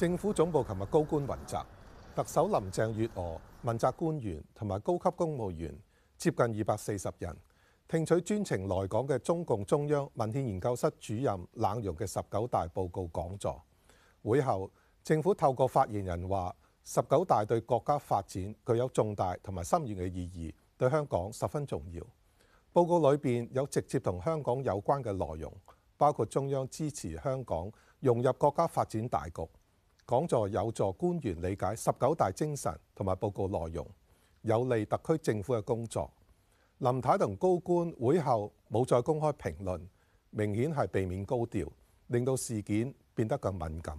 政府總部琴日高官雲集，特首林鄭月娥、問責官員同埋高級公務員接近二百四十人，聽取專程來港嘅中共中央文獻研究室主任冷溶嘅十九大報告講座。會後，政府透過發言人話，十九大對國家發展具有重大同埋深遠嘅意義，對香港十分重要。報告裏邊有直接同香港有關嘅內容，包括中央支持香港融入國家發展大局。講座有助官員理解十九大精神同埋報告內容，有利特區政府嘅工作。林太同高官會後冇再公開評論，明顯係避免高調，令到事件變得更敏感。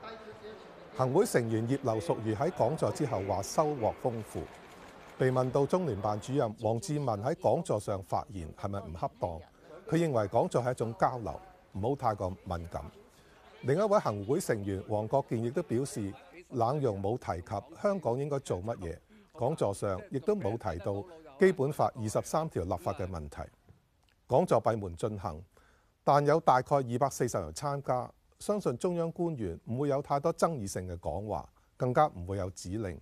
行會成員葉劉淑儀喺講座之後話收穫豐富，被問到中聯辦主任王志文喺講座上發言係咪唔恰當，佢認為講座係一種交流，唔好太過敏感。另一位行會成員黃國健亦都表示，冷溶冇提及香港應該做乜嘢。講座上亦都冇提到基本法二十三條立法嘅問題。講座閉門進行，但有大概二百四十人參加。相信中央官員唔會有太多爭議性嘅講話，更加唔會有指令。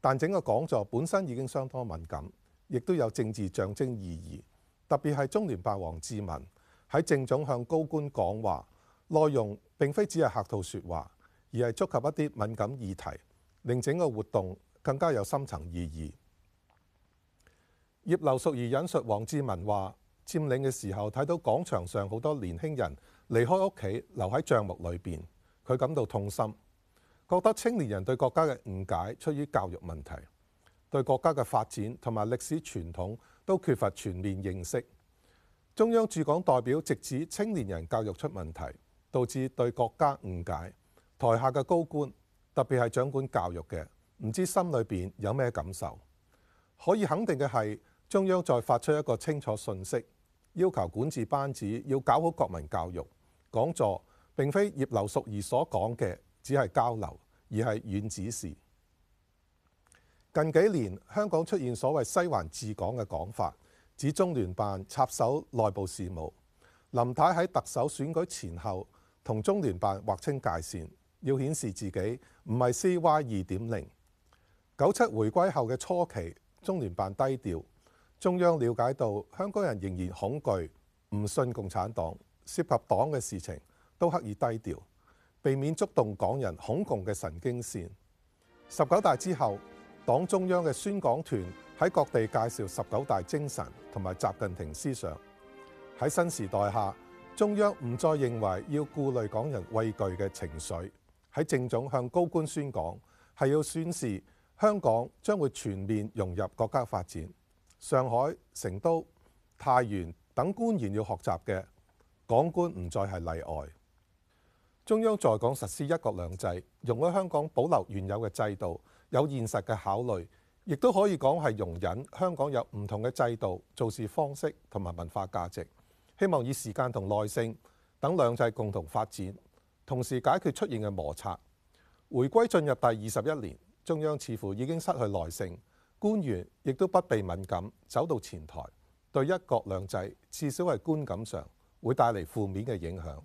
但整個講座本身已經相當敏感，亦都有政治象徵意義。特別係中聯辦王志民喺政總向高官講話。內容並非只係客套説話，而係觸及一啲敏感議題，令整個活動更加有深層意義。葉劉淑儀引述王志文話，佔領嘅時候睇到廣場上好多年輕人離開屋企，留喺帳目裏邊，佢感到痛心，覺得青年人對國家嘅誤解出於教育問題，對國家嘅發展同埋歷史傳統都缺乏全面認識。中央駐港代表直指青年人教育出問題。導致對國家誤解，台下嘅高官特別係掌管教育嘅，唔知心裏邊有咩感受。可以肯定嘅係，中央再發出一個清楚訊息，要求管治班子要搞好國民教育。講座並非葉劉淑儀所講嘅，只係交流，而係軟指示。近幾年香港出現所謂西環治港嘅講法，指中聯辦插手內部事務。林太喺特首選舉前後，同中聯辦劃清界線，要顯示自己唔係 CY 二點零。九七回歸後嘅初期，中聯辦低調，中央了解到香港人仍然恐懼，唔信共產黨，涉及黨嘅事情都刻意低調，避免觸動港人恐共嘅神經線。十九大之後，黨中央嘅宣講團喺各地介紹十九大精神同埋習近平思想，喺新時代下。中央唔再認為要顧慮港人畏懼嘅情緒，喺政總向高官宣講係要宣示香港將會全面融入國家發展。上海、成都、太原等官員要學習嘅港官唔再係例外。中央在港實施一國兩制，容許香港保留原有嘅制度，有現實嘅考慮，亦都可以講係容忍香港有唔同嘅制度、做事方式同埋文化價值。希望以時間同耐性等兩制共同發展，同時解決出現嘅摩擦。回歸進入第二十一年，中央似乎已經失去耐性，官員亦都不避敏感走到前台，對一國兩制至少係觀感上會帶嚟負面嘅影響。